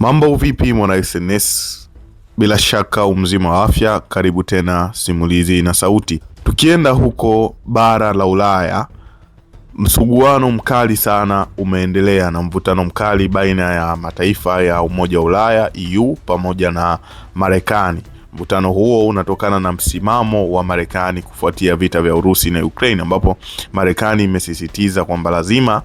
Mambo vipi mwana SNS, bila shaka umzima wa afya. Karibu tena Simulizi na Sauti. Tukienda huko bara la Ulaya, msuguano mkali sana umeendelea na mvutano mkali baina ya mataifa ya Umoja wa Ulaya EU pamoja na Marekani. Mvutano huo unatokana na msimamo wa Marekani kufuatia vita vya Urusi na Ukraine, ambapo Marekani imesisitiza kwamba lazima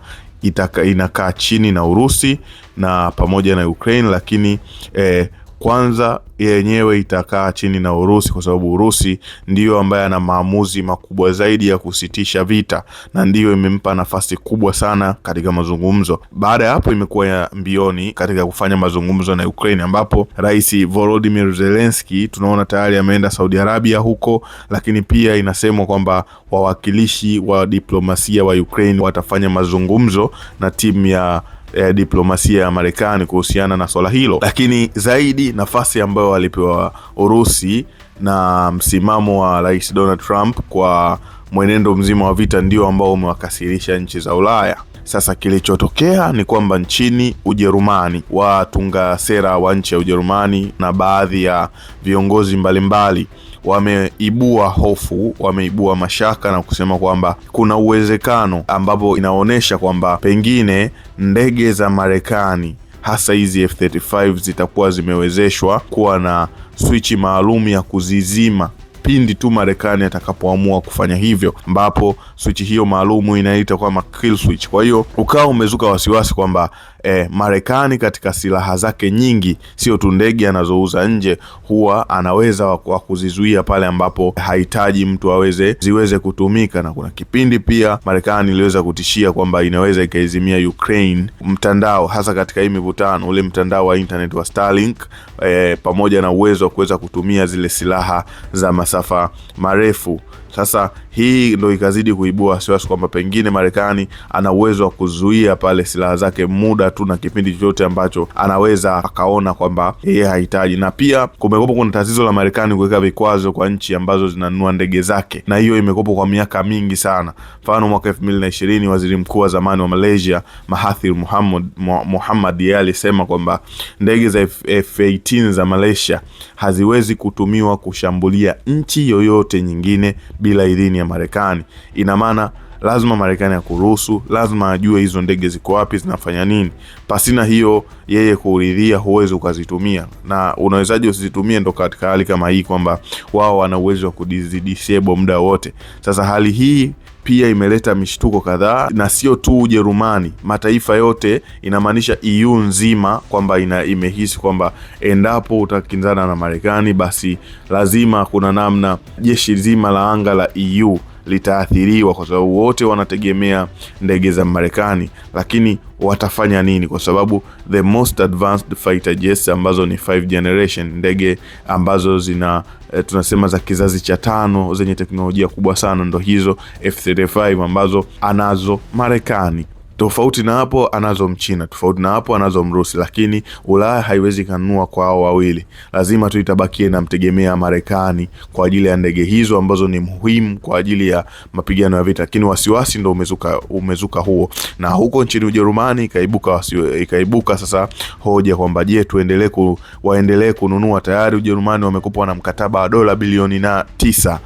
inakaa chini na Urusi na pamoja na Ukraine, lakini eh, kwanza yenyewe itakaa chini na Urusi kwa sababu Urusi ndiyo ambaye ana maamuzi makubwa zaidi ya kusitisha vita na ndiyo imempa nafasi kubwa sana katika mazungumzo. Baada ya hapo, imekuwa ya mbioni katika kufanya mazungumzo na Ukraine, ambapo Rais Volodymyr Zelensky tunaona tayari ameenda Saudi Arabia huko, lakini pia inasemwa kwamba wawakilishi wa diplomasia wa Ukraine watafanya mazungumzo na timu ya ya diplomasia ya Marekani kuhusiana na swala hilo, lakini zaidi nafasi ambayo alipewa Urusi na msimamo wa Rais Donald Trump kwa mwenendo mzima wa vita ndio ambao umewakasirisha nchi za Ulaya. Sasa kilichotokea ni kwamba nchini Ujerumani, watunga sera wa nchi ya Ujerumani na baadhi ya viongozi mbalimbali wameibua hofu, wameibua mashaka na kusema kwamba kuna uwezekano ambapo inaonyesha kwamba pengine ndege za Marekani hasa hizi F35 zitakuwa zimewezeshwa kuwa na swichi maalum ya kuzizima pindi tu Marekani atakapoamua kufanya hivyo, ambapo swichi hiyo maalumu inaita kwama kill switch. Kwa hiyo ukawa umezuka wasiwasi kwamba eh, Marekani katika silaha zake nyingi, sio tu ndege anazouza nje, huwa anaweza wa kuzizuia pale ambapo hahitaji mtu aweze ziweze kutumika. Na kuna kipindi pia Marekani iliweza kutishia kwamba inaweza ikaizimia Ukraine mtandao, hasa katika hii mivutano, ule mtandao wa internet wa Starlink eh, pamoja na uwezo wa kuweza kutumia zile silaha za masafa marefu. Sasa hii ndo ikazidi kuibua wasiwasi kwamba pengine Marekani ana uwezo wa kuzuia pale silaha zake muda tu na kipindi chochote ambacho anaweza akaona kwamba yeye hahitaji. Na pia kumekuwepo kuna tatizo la Marekani kuweka vikwazo kwa nchi ambazo zinanunua ndege zake, na hiyo imekopo kwa miaka mingi sana. Mfano, mwaka elfu mbili na ishirini waziri mkuu wa zamani wa Malaysia Mahathir Muhammad, Muhammad yeye alisema kwamba ndege za F-18 za Malaysia haziwezi kutumiwa kushambulia nchi yoyote nyingine bila idhini ya Marekani. Ina maana lazima Marekani akuruhusu, lazima ajue hizo ndege ziko wapi, zinafanya nini. Pasina hiyo yeye kuridhia, huwezi ukazitumia, na unawezaji usizitumie? Ndo katika hali kama hii kwamba wao wana uwezo wa kudisable muda wote. Sasa hali hii pia imeleta mishtuko kadhaa, na sio tu Ujerumani, mataifa yote, inamaanisha EU nzima kwamba ina imehisi kwamba endapo utakinzana na Marekani, basi lazima kuna namna jeshi zima la anga la EU litaathiriwa kwa sababu wote wanategemea ndege za Marekani, lakini watafanya nini? Kwa sababu the most advanced fighter jets ambazo ni 5 generation, ndege ambazo zina e, tunasema za kizazi cha tano zenye teknolojia kubwa sana, ndo hizo F35 ambazo anazo Marekani. Tofauti na hapo anazo Mchina, tofauti na hapo anazo Mrusi, lakini Ulaya haiwezi kanunua kwa hao wawili. Lazima tu itabakie na mtegemea Marekani kwa ajili ya ndege hizo ambazo ni muhimu kwa ajili ya mapigano ya vita. Lakini wasiwasi ndo umezuka, umezuka huo, na huko nchini Ujerumani ikaibuka, ikaibuka sasa hoja kwamba je, tuendelee ku, waendelee kununua? Tayari Ujerumani wamekopwa na mkataba wa dola bilioni na tisa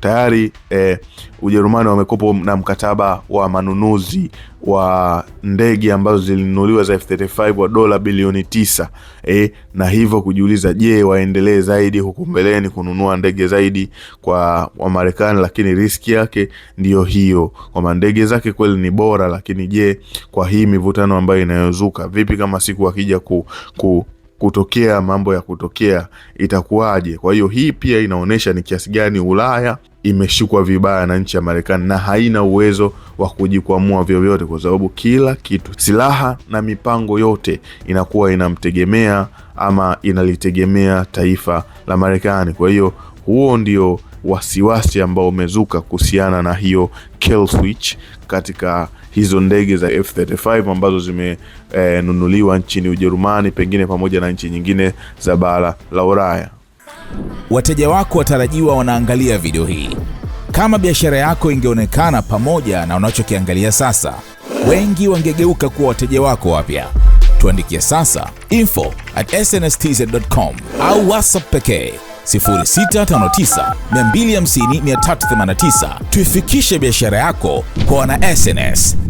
tayari eh, Ujerumani wamekopa na mkataba wa manunuzi wa ndege ambazo zilinunuliwa za F35 wa dola bilioni tisa eh, na hivyo kujiuliza, je, waendelee zaidi huku mbeleni kununua ndege zaidi kwa Wamarekani? Lakini riski yake ndiyo hiyo kwamba ndege zake kweli ni bora, lakini je, kwa hii mivutano ambayo inayozuka vipi kama siku akija ku, ku kutokea mambo ya kutokea itakuwaje? Kwa hiyo hii pia inaonyesha ni kiasi gani Ulaya imeshikwa vibaya na nchi ya Marekani na haina uwezo wa kujikwamua vyovyote, kwa sababu kila kitu, silaha na mipango yote inakuwa inamtegemea ama inalitegemea taifa la Marekani. Kwa hiyo huo ndio wasiwasi ambao umezuka kuhusiana na hiyo kill switch katika hizo ndege za F35 ambazo zimenunuliwa eh, e, nchini Ujerumani pengine pamoja na nchi nyingine za bara la Ulaya. Wateja wako watarajiwa wanaangalia video hii. Kama biashara yako ingeonekana pamoja na unachokiangalia sasa, wengi wangegeuka kuwa wateja wako wapya. Tuandikie sasa info at snstz.com au WhatsApp pekee 0659 Tuifikishe biashara yako kwa wana SnS.